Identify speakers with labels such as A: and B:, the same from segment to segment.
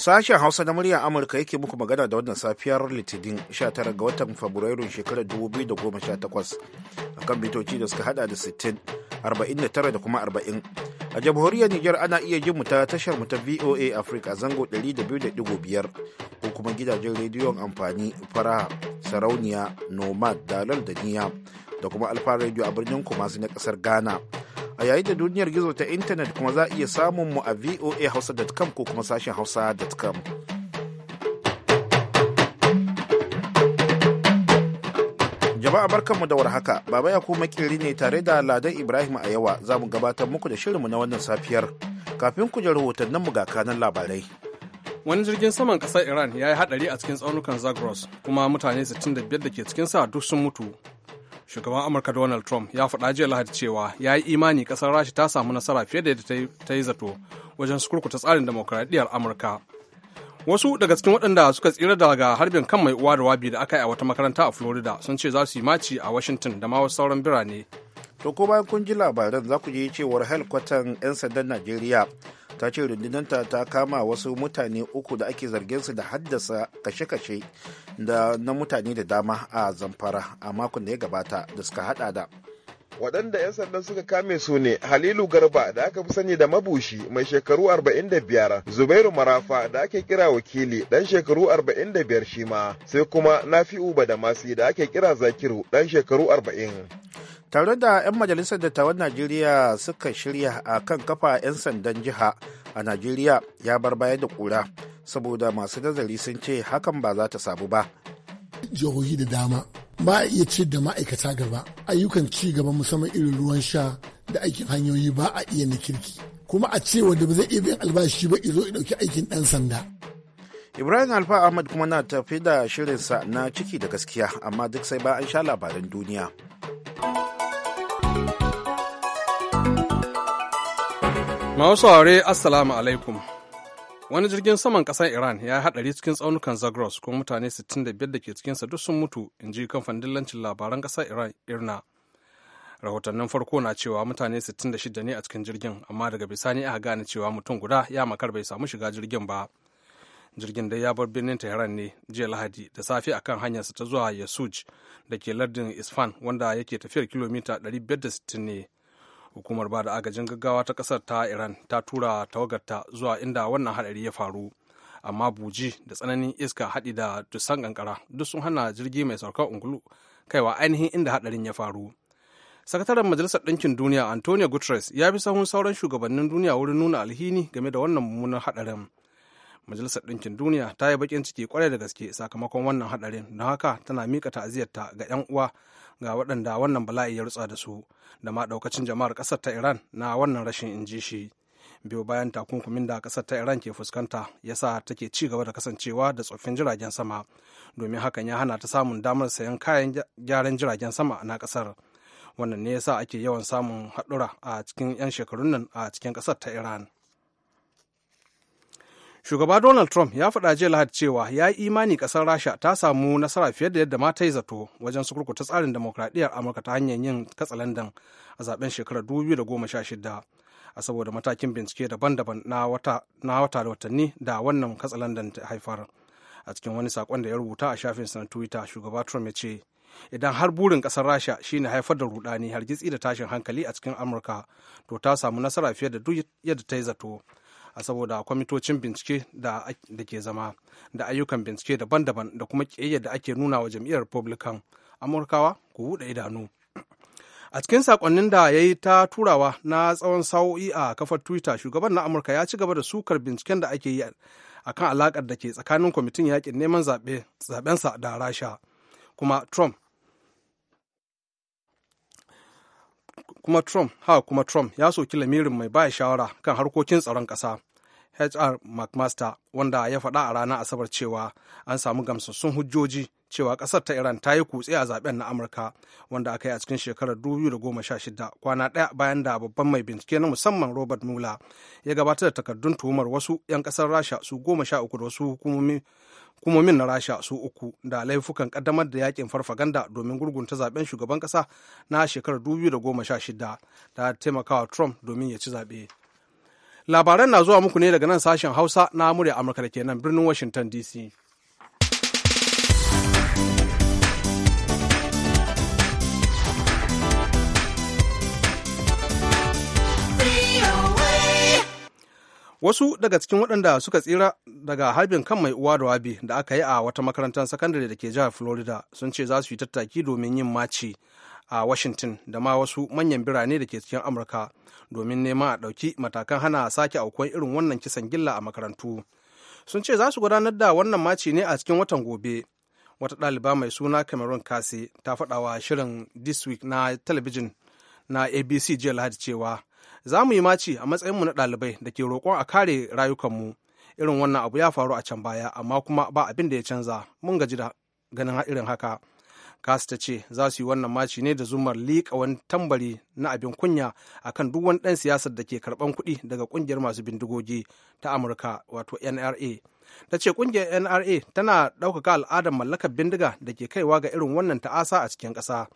A: Sashen Hausa na muryar Amurka yake muku magana da wannan safiyar Litinin 19 ga watan Fabrairun shekarar 2018 akan bitoci da suka hada da 60, 49 da kuma 40. A jamhuriyar Nijar ana iya jin mu ta tashar mu ta VOA Africa zango 200.5 ko kuma gidajen rediyon amfani fara sarauniya nomad dalal da niya da kuma alfa radio a birnin kumasi na kasar Ghana. a yayin da duniyar gizo ta intanet kuma za a iya samun mu a voahausa.com ko kuma sashen hausa.com jama'a barkanmu da warhaka baba ya kuma ne tare da ladan ibrahim a yawa za mu gabatar muku da shirinmu na wannan safiyar kafin ku ji rahotannin mu ga kanan labarai
B: wani jirgin saman kasar iran ya yi hadari a cikin tsaunukan zagros kuma mutane 65 da ke cikin sa duk sun mutu shugaban amurka donald trump ya faɗa jiya lahadi cewa ya yi imani ƙasar rashi ta samu nasara fiye da yadda ta yi zato wajen sukurkuta tsarin demokuraɗiyyar amurka wasu daga cikin waɗanda suka tsira daga harbin kan mai uwa da wabi da aka yi a wata makaranta a florida sun ce za su yi maci a washington da ma wasu sauran birane
A: to ko bayan kun ji labaran za ku ji cewar helkwatan 'yan sandan najeriya ta ce rundunanta ta kama wasu mutane uku da ake zargin su da haddasa kashe-kashe na mutane da dama a zamfara a makon da ya gabata da suka hada da
C: waɗanda 'yan sanda suka kame su ne halilu garba da aka fi sani da mabushi mai shekaru 45 zubairu marafa da ake kira wakili dan shekaru 45 shi ma sai kuma nafi'u badamasi da masi da ake kira zakiru dan shekaru 40
A: tare da 'yan majalisar dattawan najeriya suka shirya a kan kafa 'yan sandan jiha a najeriya ya bar baya da kura saboda masu nazari sun ce hakan ba za ta sabu ba
D: jihohi da dama ba a iya ce da ma'aikata gaba ayyukan ci gaba musamman irin ruwan sha da aikin hanyoyi ba a iya na kirki kuma a ce wanda ba zai iya biyan albashi ba izo ya dauki aikin dan sanda ibrahim alfa
A: ahmad kuma na tafi da shirinsa na ciki da gaskiya amma duk sai ba an sha labaran duniya
B: Masu aure Assalamu alaikum. wani jirgin saman ƙasar iran ya haɗari cikin tsaunukan zagros kuma mutane 65 da ke cikinsa duk sun mutu in ji kamfanin dillancin labaran ƙasar iran irna rahotannin farko na cewa mutane 66 ne a cikin jirgin amma daga bisani aka gane cewa mutum guda ya makar bai samu shiga jirgin ba jirgin dai ya bar birnin tehran ne jiya lahadi da safe akan sa ta zuwa yasuj da ke lardin isfan wanda yake tafiyar kilomita 560 ne hukumar ba da agajin gaggawa ta kasar ta iran ta tura tawagarta zuwa inda wannan haɗari ya faru amma buji da tsananin iska haɗi da dusan kankara duk sun hana jirgi mai saukar ungulu kaiwa ainihin inda haɗarin ya faru sakataren majalisar dinkin duniya antonio guterres ya bi sahun sauran shugabannin duniya wurin nuna alhini game da wannan mummunan haɗarin majalisar ɗinkin duniya ta yi baƙin ciki kwarai da gaske sakamakon wannan haɗarin don haka tana miƙa ta'aziyarta ga 'yan uwa ga waɗanda wannan bala'i ya rutsa da su da ma ɗaukacin jama'ar ƙasar ta iran na wannan rashin in ji shi biyu bayan takunkumin da ƙasar ta iran ke fuskanta ya yasa take ci gaba da kasancewa da tsoffin jiragen sama domin hakan ya hana ta samun damar sayan kayan gyaran jiragen sama na ƙasar wannan ne ya yasa ake yawan samun haɗura a cikin 'yan shekarun nan a cikin ƙasar ta iran shugaba donald trump ya faɗa jiya lahadi cewa ya yi imani ƙasar rasha ta samu nasara fiye da yadda mata yi zato wajen sukurkuta tsarin demokradiyyar amurka ta hanyar yin katsalandan a zaben shekarar 2016 a saboda matakin bincike daban-daban na wata da watanni da wannan katsalandan ta haifar a cikin wani saƙon da ya rubuta a shafinsa na twitter shugaba trump ya ce idan har burin ƙasar rasha shine haifar da rudani hargitsi da tashin hankali a cikin amurka to ta samu nasara fiye da duk yadda ta yi zato a saboda kwamitocin bincike da ke zama da ayyukan bincike daban-daban da kuma ƙiyayyar da ake nuna wa jam'iyyar republican amurkawa ku buɗe idanu a cikin sakonnin da ya yi ta turawa na tsawon sa'o'i a kafar twitter shugaban na amurka ya ci gaba da sukar binciken da ake yi a kan alakar da ke tsakanin kwamitin yakin neman zaɓensa da rasha kuma trump kuma Trump, ha kuma Trump ya soki lamirin mai ba shawara kan harkokin tsaron ƙasa. hr mcmaster wanda ya faɗa a ranar asabar cewa an samu gamsassun hujjoji cewa ƙasar ta iran ta yi kutse a zaben na amurka wanda aka yi a cikin shekarar 2016 kwana ɗaya bayan da babban mai bincike na musamman robert mueller ya gabatar da takardun tuhumar wasu 'yan ƙasar rasha su goma sha uku da wasu hukumomin na rasha su uku da laifukan ƙaddamar da yakin farfaganda domin gurgunta zaben shugaban ƙasa na shekarar 2016 da taimakawa trump domin ya ci zaɓe. labaran na zuwa muku ne daga nan sashen hausa na murya amurka da ke nan birnin washington dc wasu daga cikin waɗanda suka tsira daga harbin kan mai uwa da wabi da aka yi a wata makarantar sakandare da ke jihar florida sun ce za su yi tattaki domin yin maci a washington da ma wasu manyan birane da ke cikin amurka domin neman a ɗauki matakan hana sake aukuwar irin wannan kisan gilla a makarantu sun ce za su gudanar da wannan maci ne a cikin watan gobe wata ɗaliba mai suna cameron kase ta faɗawa shirin this week na talabijin na abc jiya lahadi cewa za mu yi maci a matsayinmu na ɗalibai da ke roƙon a kare rayukanmu irin wannan abu ya faru a can baya amma kuma ba abin da ya canza mun gaji da ganin irin haka kas ta ce za su yi wannan maci ne da zumar liƙa wani tambari na abin kunya akan duk wani ɗan siyasar da ke karɓan kuɗi daga ƙungiyar masu bindigogi ta amurka wato nra ta ce ƙungiyar nra tana ɗaukaka al'adar mallakar bindiga da ke kaiwa ga irin wannan ta'asa a cikin ƙasa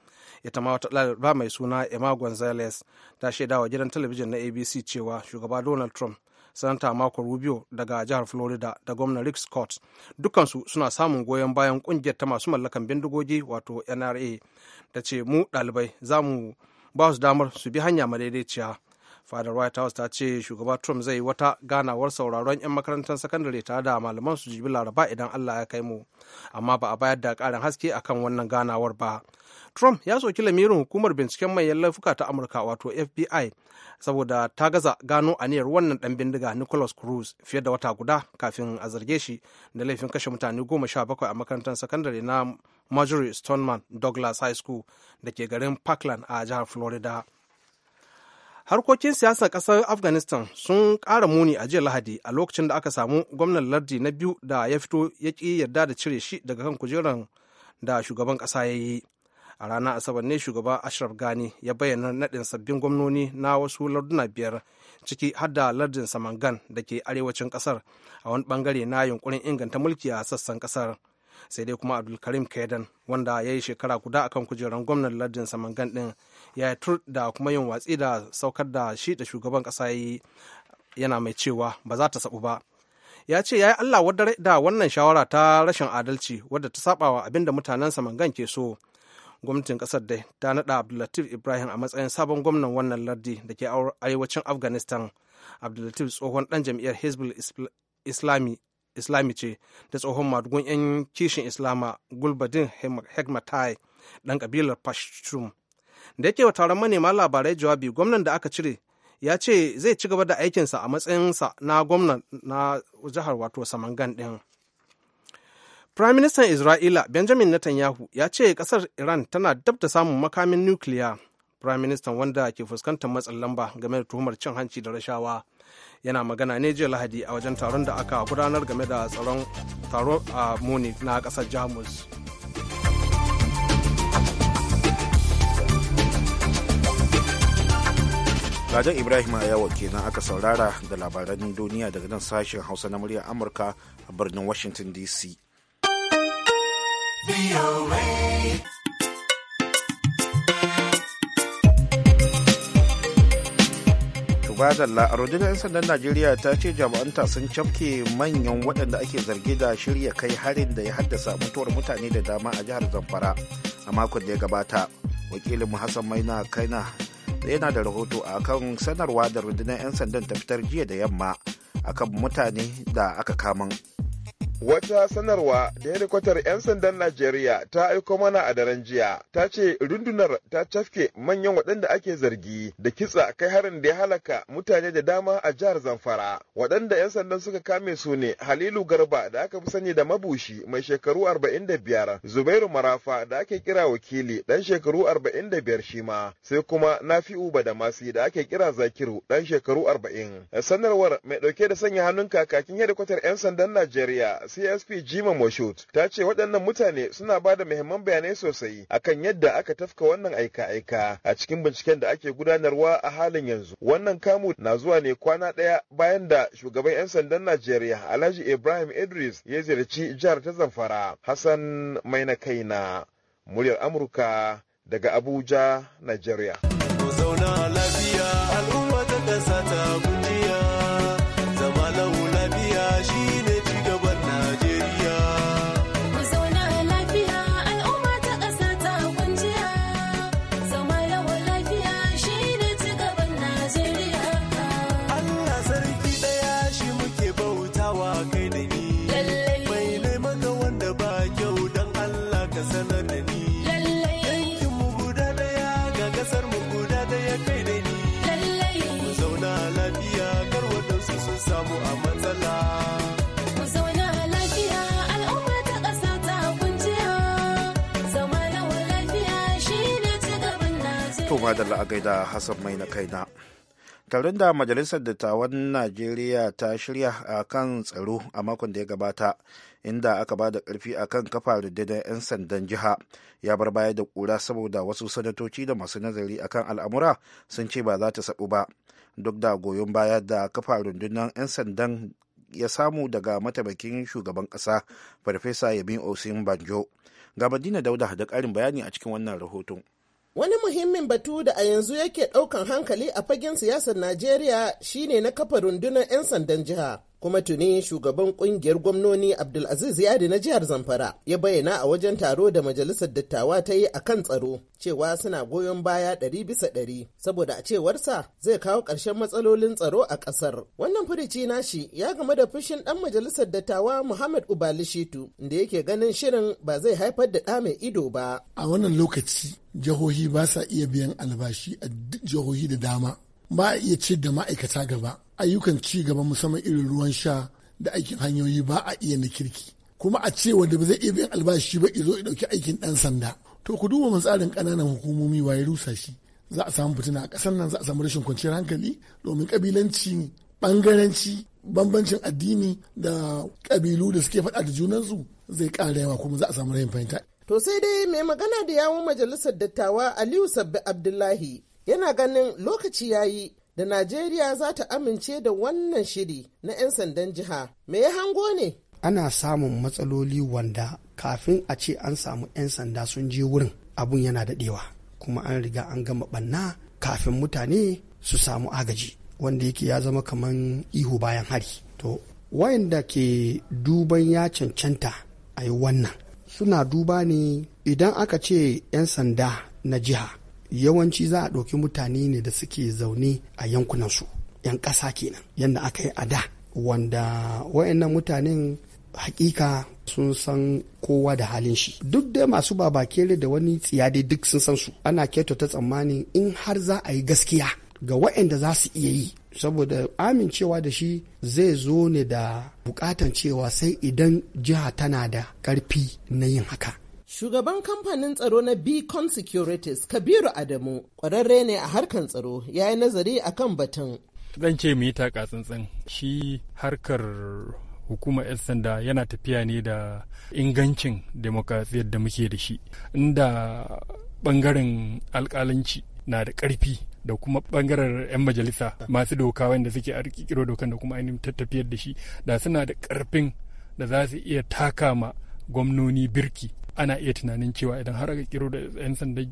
B: ita ma wata ba mai suna emma gonzales ta shaidawa gidan talabijin na abc cewa shugaba donald trump sanata marco rubio daga jihar florida da gwamna rick scott dukansu suna samun goyon bayan kungiyar ta masu mallakan bindigogi wato nra da ce mu ɗalibai za mu ba su damar su bi hanya madaidaiciya fadar white house ta ce shugaba trump zai wata ganawar sauraron 'yan makarantar sakandare tare da malaman su jibi laraba idan allah ya kai mu amma ba a bayar da ƙarin haske akan wannan ganawar ba Trump ya soki lamirin hukumar binciken manyan laifuka ta Amurka wato FBI saboda ta gaza gano aniyar wannan dan bindiga Nicholas Cruz fiye da wata guda kafin a zarge shi da laifin kashe mutane goma sha bakwai a makarantar sakandare na Marjorie Stoneman Douglas High School da ke garin Parkland a jihar Florida. harkokin siyasar ƙasar afghanistan sun kara muni a jiya lahadi a lokacin da aka samu gwamnan lardi na biyu da ya fito ya ƙi yarda da cire shi daga kan kujerar da shugaban ƙasa ya yi a ranar asabar ne shugaba ashraf gani ya bayyana naɗin sabbin gwamnoni na wasu larduna biyar ciki har da lardin samangan da ke arewacin ƙasar a wani ɓangare na yunkurin inganta mulki a sassan ƙasar sai dai kuma abdulkarim kaidan wanda ya yi shekara guda akan kujerar gwamnan lardin samangan ɗin ya yi tur da kuma yin watsi da saukar da shi da shugaban ƙasa ya yi yana mai cewa ba za ta sabu ba ya ce ya yi allah da wannan shawara ta rashin adalci wadda ta saɓawa abin da mutanen samangan ke so gwamnatin kasar dai ta naɗa abdullatif ibrahim a matsayin sabon gwamnan wannan lardi da ke arewacin afghanistan abdullatif tsohon dan jam'iyyar hezbollah islami islami ce da tsohon madugun 'yan kishin islama gulbadin hekmatai ɗan kabilar pashtun da yake wa taron manema labarai jawabi gwamnan da aka cire ya ce zai ci gaba da aikinsa a matsayinsa na gwamnan na jihar wato samangan din Firaministan Isra'ila Benjamin Netanyahu ya ce ƙasar Iran tana dab da samun makamin nukiliya. Firaministan wanda ke fuskantar matsin lamba game da tuhumar cin hanci da rashawa yana magana ne jiya Lahadi a wajen taron da aka gudanar game da tsaron taro a Munich na ƙasar Jamus.
A: Gajen Ibrahim Ayawa kenan aka saurara da labaran duniya daga nan sashen Hausa na muryar Amurka a birnin Washington DC. tubazalla a rundunar 'yan sandan Najeriya ta ce jami'anta sun cafke manyan waɗanda ake zargi da shirya kai harin da ya haddasa mutuwar mutane da dama a jihar Zamfara a makon da ya gabata. Wakilin mu Hassan Maina Kaina yana da rahoto a kan sanarwa da rundunar 'yan sandan ta fitar jiya da yamma akan mutane da aka kaman.
C: Wata sanarwa da helikwatar 'yan sandan Najeriya ta aiko mana a daren jiya ta ce rundunar ta cafke manyan waɗanda ake zargi da kitsa kai harin da ya halaka mutane da dama a jihar Zamfara. Waɗanda 'yan sandan suka kame su ne Halilu Garba da aka fi sani da mabushi mai shekaru 45, Zubairu Marafa da ake kira wakili ɗan shekaru 45 shi ma, sai kuma Nafi'u Badamasi da ake kira Zakiru ɗan shekaru 40. Sanarwar mai ɗauke da sanya hannun kakakin helikwatar 'yan sandan Najeriya CSP Jima Moshut ta ce waɗannan mutane suna ba da muhimman bayanai sosai akan yadda aka tafka wannan aika-aika a cikin binciken da ake gudanarwa a halin yanzu. Wannan kamu na zuwa ne kwana ɗaya bayan da shugaban 'yan sandan Najeriya Alhaji Ibrahim Idris ya ziyarci jihar ta Zamfara. Hassan Maina Kaina, muryar Amurka daga Abuja, Najeriya.
D: Zauna lafiya al'umma.
A: kuma da la'agaida Hassan mai na kaina. taron da majalisar dattawan najeriya ta shirya a kan tsaro a makon da ya gabata inda aka ba da karfi a kan kafa rundunar 'yan sandan jiha ya bar baya da kura saboda wasu sanatoci da masu nazari a kan al'amura sun ce ba za ta sabu ba duk da goyon baya da kafa rundunar 'yan sandan ya samu daga mataimakin shugaban ƙasa farfesa yabin osin banjo ga madina dauda da ƙarin bayani a cikin wannan rahoton
E: Wani muhimmin batu da a yanzu yake ɗaukan hankali a fagen siyasar Najeriya shine na kafa rundunar 'yan sandan jiha. kuma tuni shugaban kungiyar gwamnoni abdulaziz yadi na jihar zamfara ya bayyana a wajen taro da majalisar dattawa ta yi a kan tsaro cewa suna goyon baya ɗari bisa ɗari saboda a cewarsa zai kawo ƙarshen matsalolin tsaro a ƙasar wannan furici nashi ya game da fushin ɗan majalisar dattawa muhammad ubalishitu da yake ganin shirin ba zai haifar da ɗa mai ido ba
D: a wannan lokaci jihohi ba sa iya biyan albashi a duk jihohi da dama ba a iya ce da ma'aikata gaba ayyukan ci gaba musamman irin ruwan sha da aikin hanyoyi ba a iya na kirki kuma a ce wanda ba zai iya biyan albashi ba izo ya dauki aikin dan sanda to ku duba mun tsarin kananan hukumomi waye rusa shi za a samu fitina a kasar nan za a samu rashin kwanciyar hankali domin kabilanci bangaranci bambancin addini da kabilu da suke faɗa da junansu zai ƙara yawa kuma za a samu rayin fahimta.
E: To sai dai mai magana da yawun majalisar dattawa Aliyu Sabbi Abdullahi yana ganin lokaci ya yi da Najeriya za ta amince da wannan shiri na 'yan sandan jiha. Me ya hango ne?
F: Ana samun matsaloli wanda kafin a ce an samu 'yan sanda sun je wurin abun yana daɗewa kuma an riga an gama ɓanna kafin mutane su samu agaji wanda yake ya zama kaman ihu bayan hari. To, wayanda ke duban ya cancanta a yi wannan suna duba ne idan aka ce 'yan sanda na jiha yawanci za a ɗauki mutane ne da suke zaune a yankunansu 'yan ƙasa kenan yadda aka yi a da wanda wayannan mutanen hakika sun san kowa da halin shi duk da masu babakere da wani tsiyade duk sun san su ana ta tsammanin in har za a yi gaskiya ga wayanda za su iya yi saboda amincewa da shi zai zo ne da bukatan cewa sai idan jiha tana da karfi na yin haka
E: Shugaban kamfanin tsaro na Beacon Securities Kabiru Adamu ƙwararre ne a harkar tsaro ya yi nazari a kan batun.
F: Zan ce mu yi taka tsantsan shi harkar hukuma 'yan sanda yana tafiya ne da ingancin demokrasiyar da muke da shi inda ɓangaren alkalanci na da ƙarfi da kuma ɓangaren 'yan majalisa masu doka wanda suke a dokan da kuma ainihin tattafiyar da shi da suna da ƙarfin da za su iya taka ma gwamnoni birki ana iya tunanin cewa idan har aka kiro da 'yan sandan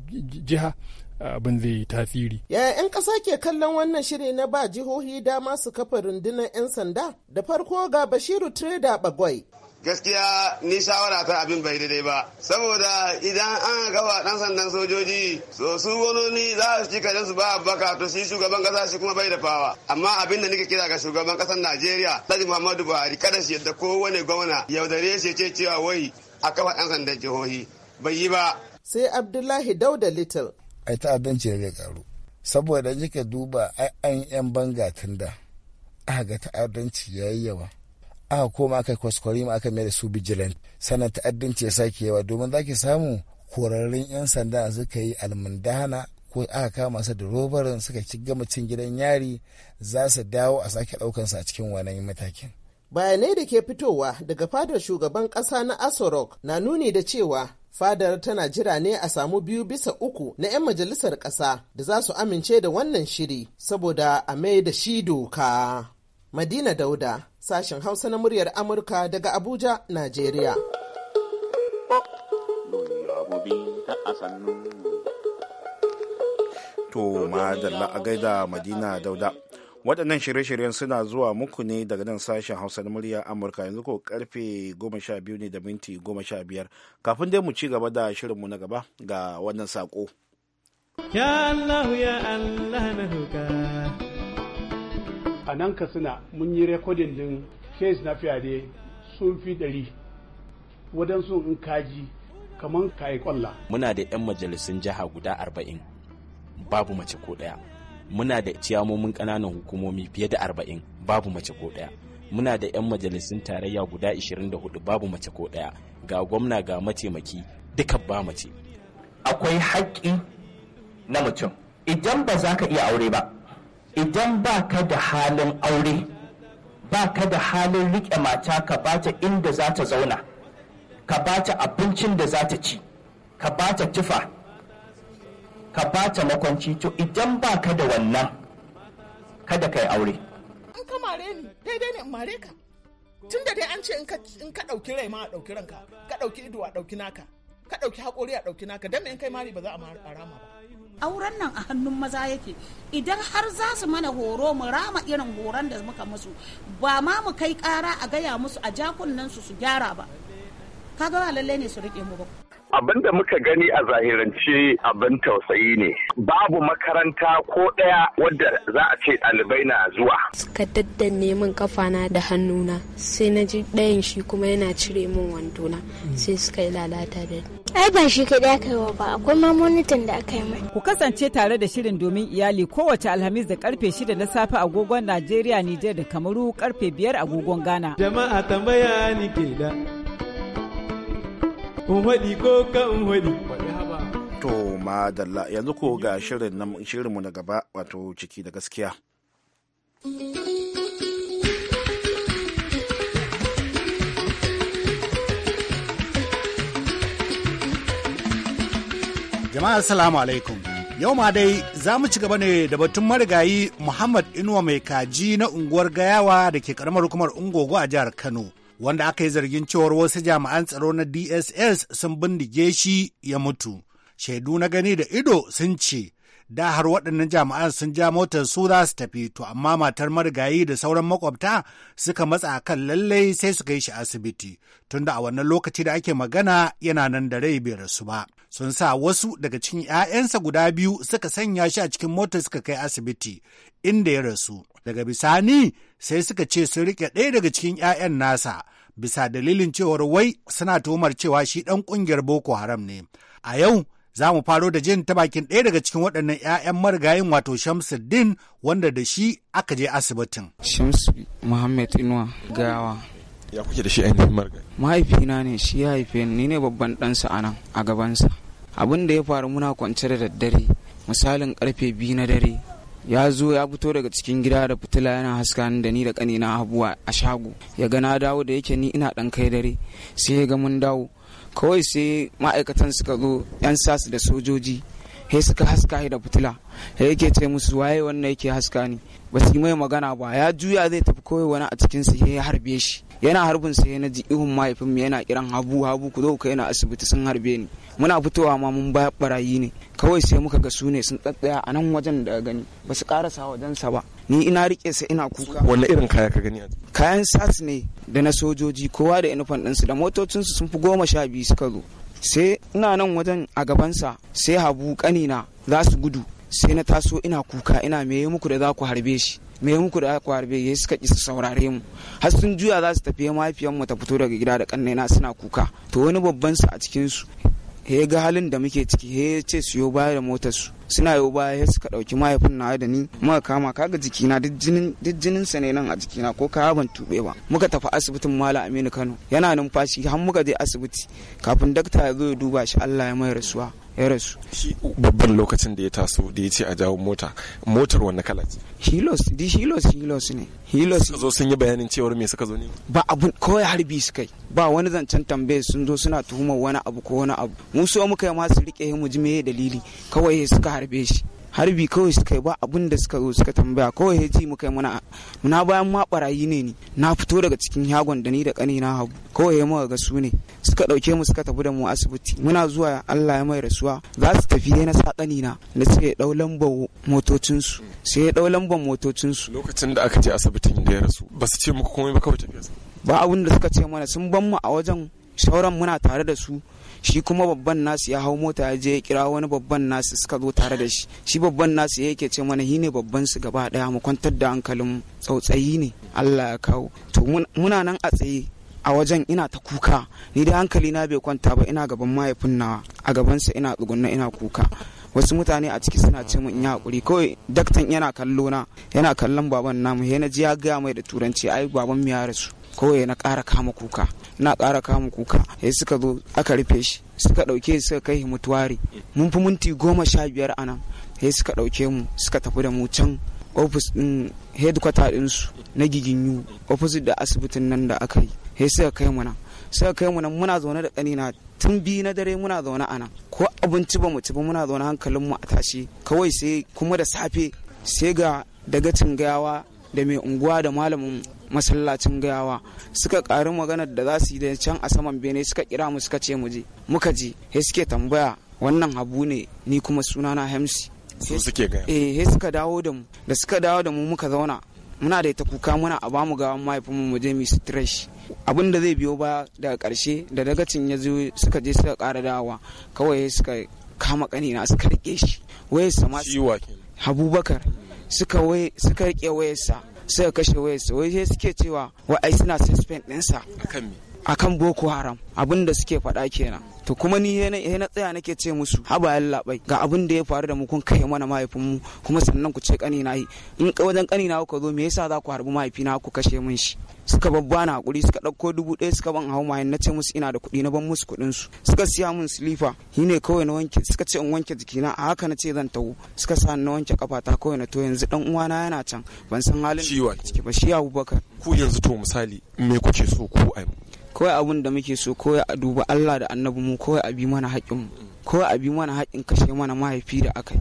F: jiha abin zai tasiri.
E: Yaya 'yan ƙasa ke kallon wannan shiri na ba jihohi dama su kafa rundunar 'yan sanda? Da farko ga Bashiru treda Bagwai. gaskiya ni shawara ta abin bai daidai ba saboda idan an gawa dan sandan sojoji so su
A: gononi za su ci karen su ba baka to shi shugaban kasa shi kuma bai da fawa amma abin da nake kira ga shugaban
E: kasar Najeriya Sadi Muhammadu Buhari kada shi yadda kowane gwamna yaudare shi ce cewa wai a kafa ɗan sandan jihohi bai yi ba. sai abdullahi dauda little. ai ta abinci da karu saboda jika duba an yan banga tun da aka ga ta'addanci ya yi yawa aka koma aka kwaskwari ma aka mai da su vigilant sannan ta'addanci ya sake yawa domin za ki samu korarrun 'yan sanda suka yi almundana ko aka kama su da robarin suka ci gama cin gidan yari za su dawo a sake ɗaukansu a cikin wannan matakin bayanai da ke fitowa daga fadar shugaban ƙasa na asorok na nuni da cewa fadar tana jira ne a samu biyu bisa uku na 'yan majalisar ƙasa da za su amince da wannan shiri saboda a mai da shi doka madina dauda sashen hausa na muryar amurka daga abuja najeriya
A: to madalla a gaida madina dauda waɗannan shirye-shiryen suna zuwa muku ne daga nan sashen hausa na murya amurka yanzu ko karfe 12 ne da minti 15 kafin dai mu ci gaba da shirinmu na gaba ga wannan saƙo.
D: ya allah ya allah na huka. a nan ka suna mun yi rekodin din kes na fiyade sun fi ɗari wadansu in kaji kamar kayi kwalla
A: muna da 'yan majalisun jiha guda arba'in babu mace ko ɗaya muna da ciyamomin ƙananan hukumomi fiye da arba'in babu mace ko ɗaya muna da 'yan majalisun tarayya guda 24 babu mace ko ɗaya ga gwamna ga mataimaki duka ba mace
F: akwai haƙƙi na mutum idan ba za ka iya aure ba idan ba ka da halin aure ba ka da halin riƙe mata ka bata inda za ta zauna ka bata abincin da za ta ci ka bata tufa ka bata makwanci to idan ba ka da wannan kada ka yi aure.
E: In ka mare ni daidai ne in mare ka. Tun da dai an ce in ka ɗauki rai ma a ɗauki ranka, ka ɗauki ido a ɗauki naka, ka ɗauki haƙori a ɗauki naka, don me in kai mari ba za a rama ba. Auren nan a hannun maza yake idan har za su mana horo mu rama irin horon da muka musu
G: ba ma mu kai ƙara a gaya musu a jakunan su su gyara ba. Ka ga
H: lallai ne su riƙe mu ba
D: abin da muka gani a zahirance abin tausayi ne
F: babu makaranta ko ɗaya wadda za a ce ɗalibai na zuwa suka
C: daddanne
H: min kafana da hannuna sai na ji ɗayan shi kuma yana cire min wandona sai suka yi lalata da ni
E: ai ba shi kaɗai aka ba akwai mamonitan da aka yi mai ku kasance
I: tare da shirin domin iyali kowace alhamis da karfe shida na safe agogon najeriya nijar da kamaru karfe biyar agogon ghana jama'a tambaya ni
A: ke da in haɗi ko
I: ka in haɗi.
A: To madalla yanzu ko ga shirin shirinmu na gaba wato ciki da gaskiya.
F: Jama'a salamu alaikum. Yau ma dai za mu ci gaba ne da batun marigayi Muhammad Inuwa mai kaji na unguwar Gayawa da ke karamar hukumar Ungogo a jihar Kano. wanda aka yi zargin cewar wasu jami'an tsaro na DSS sun bindige shi ya mutu. Shaidu na gani da ido sun ce, da har waɗannan jami'an sun ja motar su za su tafi, to amma matar marigayi da sauran makwabta suka matsa a kan lallai sai su kai shi asibiti, tunda a wannan lokaci da ake magana yana nan da rai bai rasu ba. sun sa wasu daga cikin 'ya'yansa guda biyu suka sanya shi a cikin mota suka kai asibiti inda ya rasu. Daga bisani sai suka ce sun rike ɗaya daga cikin 'ya'yan nasa bisa dalilin cewar wai suna tuhumar cewa shi ɗan ƙungiyar Boko Haram ne. A yau za mu faro da jin ta bakin ɗaya daga cikin waɗannan 'ya'yan marigayin wato Shamsuddin wanda da shi aka je asibitin.
I: Shamsu Muhammad Inuwa Gawa. Ya kuke da shi ainihin marigayi? Mahaifina ne shi ya haife ni ne babban ɗansa a nan a gabansa. abin da ya faru muna kwance da daddare misalin karfe biyu na dare ya zo ya fito daga cikin gida da fitila yana haska da ni da kanina abuwa a shago ya gana dawo da yake ni ina dan kai dare sai ya ga mun dawo kawai sai ma'aikatan suka zo yan sasu da sojoji he suka haska da fitila he yake ce musu waye wannan yake haska ni ba su mai magana ba ya juya zai tafi kawai wani a cikin su ya harbe shi yana harbin sai na ji ihun mahaifin mu yana kiran habu habu ku zo ku yana asibiti sun harbe ni muna fitowa ma mun baya barayi ne kawai sai muka ga su ne sun tsattsaya a nan wajen da gani ba su karasa sa ba ni ina rike sa ina kuka wanne irin kaya ka gani kayan sas ne da na sojoji kowa da din su da motocinsu sun fi goma sha biyu suka zo sai ina nan wajen a gabansa sai habu kanina za su gudu sai na taso ina kuka ina me muku da za ku harbe shi me muku da aka harbe ya suka isa saurare mu har sun juya za su tafi mahaifiyar mu ta fito daga gida da kannena suna kuka to wani babban su a cikin su he ga halin da muke ciki he ce su yo baya da motar su suna yo baya he suka dauki mahaifin na da ni muka kama kaga jikina duk duk jinin sa ne nan a jikina ko ka ban tube ba muka tafi asibitin mala Aminu Kano yana numfashi har muka je asibiti kafin dakta ya zo ya duba shi Allah ya mai rasuwa ya rasu
J: shi babban lokacin da ya taso da ya ce a jawo mota motar wanne kala ce
I: hilos di hilos hilos ne hilos suka zo
J: sun yi bayanin cewar me suka zo ne
I: ba abu kawai harbi su kai ba wani zancen tambaye sun zo suna tuhumar wani abu ko wani abu mu so muka yi masu su rike mu ji me dalili kawai suka harbe shi harbi kawai suka yi ba abin da suka suka tambaya kawai ya ji mu kai muna na bayan ma barayi ne ni na fito daga cikin yagon da ni da kani na hagu kawai ya muka ga su ne suka dauke mu suka tafi da mu asibiti muna zuwa Allah ya mai rasuwa za su tafi dai na sa kani na da suke dau lambar motocin su sai ya dau lambar motocin su
J: lokacin da aka je asibitin da ya rasu
I: ba su ce muku komai ba kawai tafiya ba abin da suka ce mana sun ban mu a wajen sauran muna tare da su shi kuma babban nasu ya hau mota ya je ya kira wani babban nasu suka zo tare da shi shi babban nasu ya yake ce mana hine babban su gaba daya mu kwantar da hankalin tsautsayi ne Allah ya kawo to muna nan a tsaye a wajen ina ta kuka ni da hankali na bai kwanta ba ina gaban mahaifin nawa a gaban sa ina tsugunna ina kuka wasu mutane a ciki suna ce min ya hakuri kawai daktan yana kallo na yana kallon baban namu yana ji ya gaya mai da turanci ai baban mu ya rasu kawai eh, na ƙara kama kuka na ƙara kama kuka ya suka zo aka rufe shi suka ɗauke suka kai mutuwari mun fi minti goma sha biyar a nan ya suka ɗauke mu suka tafi da mu can ofis ɗin headquarter ɗinsu na giginyu ofis da asibitin nan da aka yi ya suka kai mu nan suka kai mu nan muna zaune da ƙanina tun biyu na dare muna zaune a nan ko abinci ba mu ci ba muna zaune hankalin mu a tashi kawai sai kuma da safe sai ga daga gawa da mai unguwa da malamin masallacin gayawa suka ƙari maganar da za su yi da can a saman bene suka kira mu suka ce mu muka je he suke tambaya wannan habu ne ni kuma sunana hamsi su suke gaya eh he suka dawo da mu da suka dawo da mu muka zauna muna da ita kuka muna a bamu gawan mahaifinmu mu je mu stress abin da zai biyo ba daga karshe da dagacin ya zo suka je suka ƙara dawowa kawai suka kama kanina suka rike shi waye sama Habubakar suka suka rike wayarsa suka kashe wayarsa wai sai suke cewa wa ai suna suspend ɗinsa akan boko haram abin da suke faɗa kenan to kuma ni he na tsaya nake ce musu haba ya labai ga abin da ya faru da mu kun kai mana mahaifinmu kuma sannan ku ce kani nayi in wajen kani na ku zo me yasa za ku harbi mahaifina ku kashe min shi suka babba na hakuri suka ɗauko dubu ɗaya suka ban hau mahaifin na ce musu ina da kuɗi na ban musu kuɗin su suka siya min silifa ni ne kawai na wanke suka ce in wanke jikina a haka na ce zan tawo suka sa na wanke kafata kawai na to yanzu dan uwana yana can ban san halin da ciki ba shi Abubakar ku yanzu to misali
J: me kuke so ku ai
I: kawai abun da muke so kawai a duba Allah da annabi mu kawai a bi mana haƙƙin mu kawai a bi mana haƙƙin kashe mana mahaifi da aka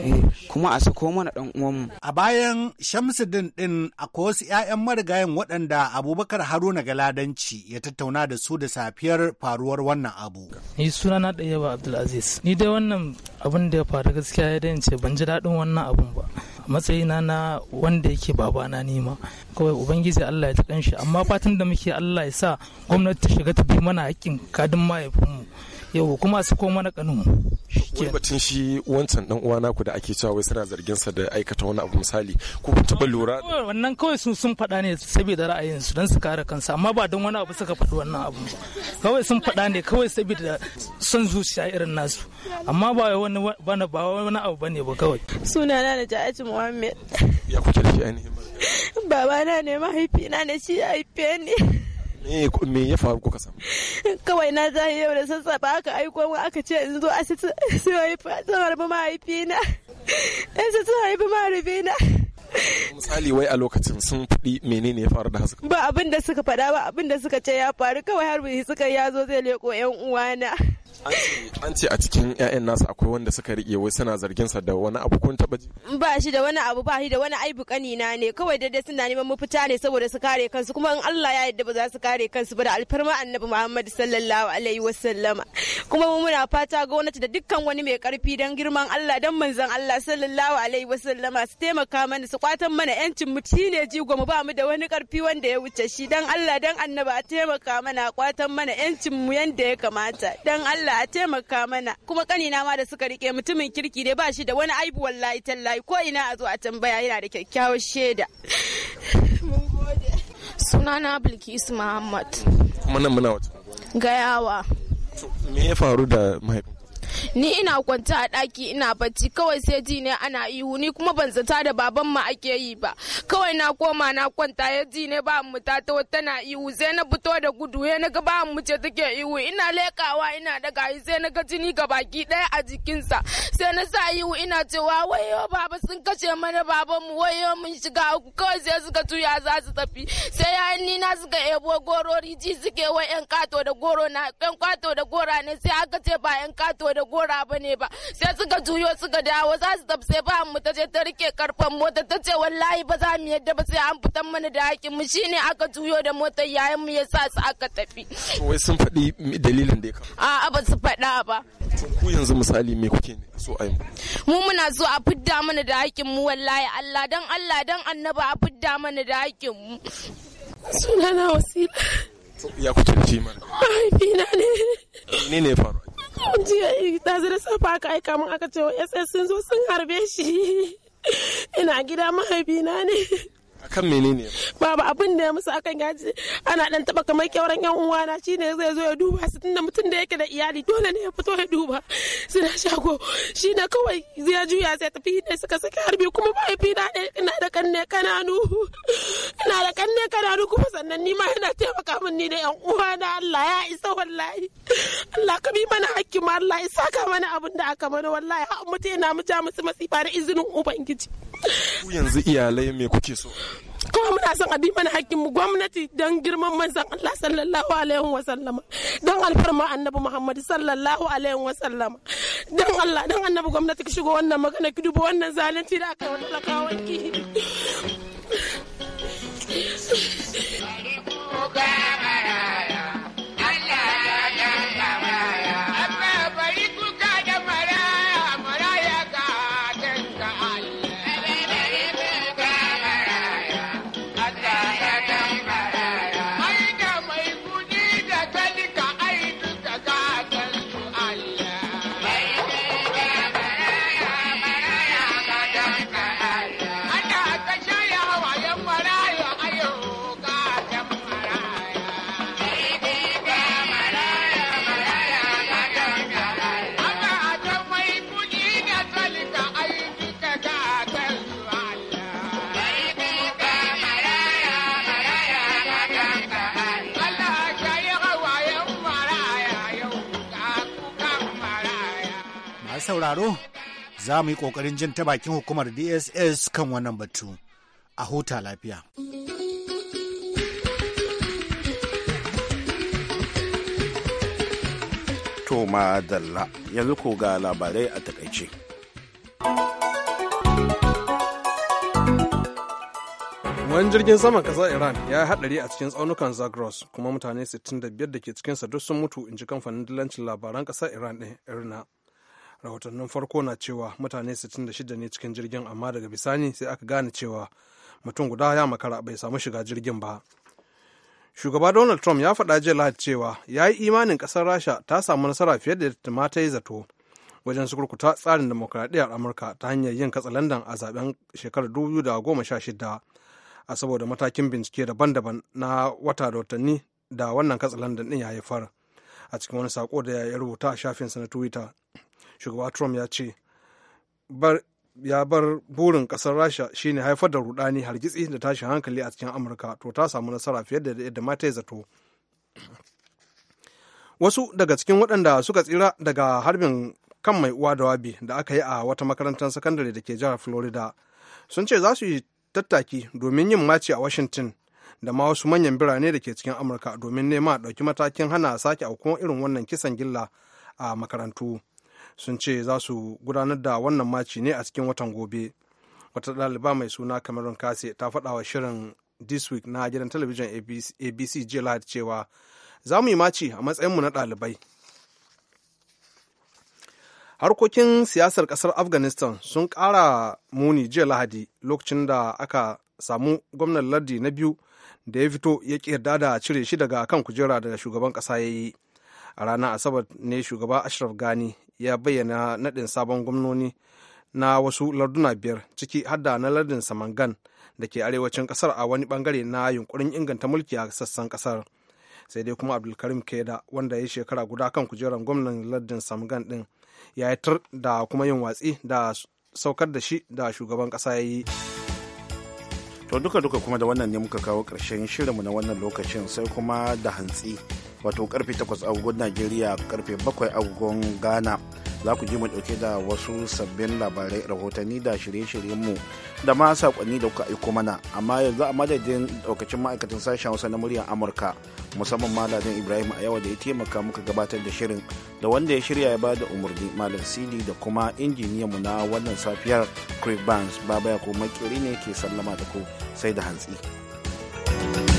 I: yi kuma a sako eh, mana ɗan mu. a bayan shamsuddin ɗin akwai wasu ƴaƴan
F: marigayen waɗanda abubakar haruna galadanci ya tattauna da su da safiyar faruwar wannan abu
E: ni suna na ɗaya ba abdulaziz ni dai wannan abin da ya faru gaskiya ya dace ban ji daɗin wannan abun ba matsayina na wanda yake babana nima kawai ubangiji Allah ya ta shi amma fatan da muke Allah ya sa gwamnati ta shiga ta bi mana hakkin kadin mahaifinmu yau kuma su koma na kanu.
J: wani batun shi wancan dan uwana ku da ake cewa wai suna zargin sa da aikata wani abu misali ko kun taba lura
E: wannan kawai sun sun faɗa ne saboda ra'ayin su dan su kare kansu amma ba don wani abu suka faɗi wannan abu kawai sun faɗa ne kawai saboda son zuciya irin nasu amma ba wani bana ba wani abu bane
J: ba kawai
H: suna na da Ja'atu Muhammad
J: ya kuke da shi ainihin
H: babana ne mahaifina ne shi ya haife ni
J: Eh, me ya faru kuka samu
H: kawai na ta yau da sassa ba aka aiko mu aka ce in zo asibiti sai wai sun harbi mahaifina in su sun haifi mahaifina
J: misali wai a lokacin sun faɗi menene ya faru da haska
H: ba abin da suka faɗa ba abin da suka ce ya faru kawai harbi suka ya zo zai leko yan uwana
J: an ce a cikin 'ya'yan nasa akwai wanda suka riƙe wai suna zargin sa da wani abu kun taɓa ji
H: ba shi da wani abu ba shi da wani aibu kanina ne kawai daidai suna neman mafita ne saboda su kare kansu kuma in Allah ya yarda ba za su kare kansu ba da alfarma annabi Muhammad sallallahu alaihi wasallama kuma mu muna fata gwamnati da dukkan wani mai karfi dan girman Allah dan manzon Allah sallallahu alaihi wasallama su taimaka mana su kwatan mana yancin mu ne jigo mu ba mu da wani karfi wanda ya wuce shi dan Allah dan annabi a taimaka mana kwatan mana yancin mu yanda ya kamata dan Allah Allah a taimaka mana kuma kanina ma da suka rike mutumin kirki dai ba shi da wani aibu wallahi tallahi ko ina a zo a tambaya yana da kyakkyawar shaida sunana bilkisu muhammad muna muna wata gayawa
J: me ya faru da mahaifin
H: ni ina kwanta a ɗaki ina bacci kawai sai ji ne ana ihu ni kuma ban zata da baban ma ake yi ba kawai na koma na kwanta ya ji ne ba mu ta tana ihu sai na fito da gudu ya na ga ba mu ce take ihu ina lekawa ina daga yi sai na jini ga baki ɗaya a jikinsa sai na sa ihu ina cewa wayo baba sun kashe mana baban mu wayo mun shiga uku kawai sai suka tuya za su tafi sai ya ni na suka ebo gorori ji suke wa yan kato da goro na yan kwato da gora ne sai aka ce ba yan kato da da gora ba ne ba sai suka juyo suka dawo za su tafse ba mu ta je ta rike karfan mota ta ce wallahi ba za mu yadda ba sai an fitan mana da hakin mu shine aka juyo da motar yayin mu ya sa su aka tafi
J: wai sun faɗi dalilin da ya kama
H: a'a ba su faɗa ba
J: ku yanzu misali me kuke ne so ai
H: mu muna so a fidda mana da hakin mu wallahi Allah dan Allah dan annaba a fidda mana da hakin mu
J: sunana wasila ya kuce ji mana fina ne ne ne faru
G: jiya ɗazu da safa aka aika mun aka ce ss sun zo sun harbe shi ina gida mahaifina ne
J: ne menene
G: baba abin da ya musu akan yaji ana dan taba kamar kyauran yan uwana shine zai zo ya duba su tunda mutum da yake da iyali dole ne ya fito ya duba suna shago shine kawai zai juya sai tafi da suka saki harbi kuma ba ya fina ina da kanne kananu ina da kanne kananu kuma sannan ni ma yana taimaka min ni da yan uwana Allah ya isa wallahi Allah ka bi mana hakki ma Allah ya saka mana abin da aka mana wallahi har yana mu ja musu masifa da izinin ubangiji
J: ku yanzu iyalai me kuke so
G: ko muna son a bi mana hakkin mu gwamnati don girman manzon Allah sallallahu alaihi wa sallama don alfarma annabi Muhammad sallallahu alaihi wa sallama don Allah don annabi gwamnati ki shigo wannan magana ki dubo wannan zalunci da aka yi wa talakawan ki.
F: sauraro za mu yi ƙoƙarin jin ta bakin hukumar dss kan wannan batu a huta lafiya.
A: To madalla yanzu ko ga labarai a takaice.
B: Wani jirgin saman ƙasar Iran ya yi haɗari a cikin tsaunukan Zagros kuma mutane 65 da ke cikinsa duk sun mutu in ji kamfanin dillancin labaran ƙasar Iran ɗin Irna. rahotannin farko na cewa mutane 66 ne cikin jirgin amma daga bisani sai aka gane cewa mutum guda ya makara bai samu shiga jirgin ba shugaba donald trump ya faɗa jiya lahadi cewa ya yi imanin ƙasar rasha ta samu nasara fiye da ma ta yi zato wajen sukurkuta tsarin demokuraɗiyyar amurka ta hanyar yin katsalandan a zaben shekarar 2016 a saboda matakin bincike daban-daban na wata da watanni da wannan katsalandan ɗin ya haifar a cikin wani sako da ya rubuta a shafinsa na twitter shugaba trump ya ce ya bar burin kasar rasha shine haifar da rudani hargitsi da tashin hankali a cikin amurka to ta samu nasara fiye da yadda mata ya zato wasu daga cikin waɗanda suka tsira daga harbin kan mai uwa da wabi da aka yi a wata makarantar sakandare da ke jihar florida sun ce za su yi tattaki domin yin maci a washington da ma wasu manyan birane da ke cikin amurka domin nema ɗauki matakin hana sake aukuwan irin wannan kisan gilla a makarantu sun ce za su gudanar da wannan maci ne a cikin watan gobe wata ɗaliba mai suna cameron kase ta faɗa wa shirin this week na gidan talabijin abc jiya lahadi cewa za mu yi maci a matsayinmu na ɗalibai harkokin siyasar ƙasar afghanistan sun ƙara muni jiya lahadi lokacin da aka samu gwamnan lardi na biyu da ya fito ya yarda da cire shi daga kan kujera da shugaban ƙasa ya yi a ranar asabar ne shugaba ashraf gani ya bayyana naɗin sabon gwamnoni na wasu larduna biyar ciki har na lardin samangan da ke arewacin kasar a wani bangare na yunkurin inganta mulki a sassan kasar sai dai kuma abdulkarim keda wanda ya shekara guda kan kujerar gwamnan lardin samangan din ya yi tar da kuma yin watsi da saukar da shi da shugaban kasa ya yi
A: to duka duka kuma da wannan ne muka kawo karshen shirinmu na wannan lokacin sai kuma da hantsi wato karfe 8 agogon Najeriya karfe 7 agogon Ghana za ku ji mu dauke da wasu sabbin labarai rahotanni da shirye shiryen mu da ma sakonni da kuka aiko mana amma yanzu a madadin daukacin ma'aikatan sashen Hausa na muryar Amurka musamman malamin Ibrahim a yawa da ya taimaka muka gabatar da shirin da wanda ya shirya ya bada umarni malam Sidi da kuma injiniyan mu na wannan safiyar Craig Barnes baba ya ko makiri ne ke sallama da ku sai da hantsi. thank you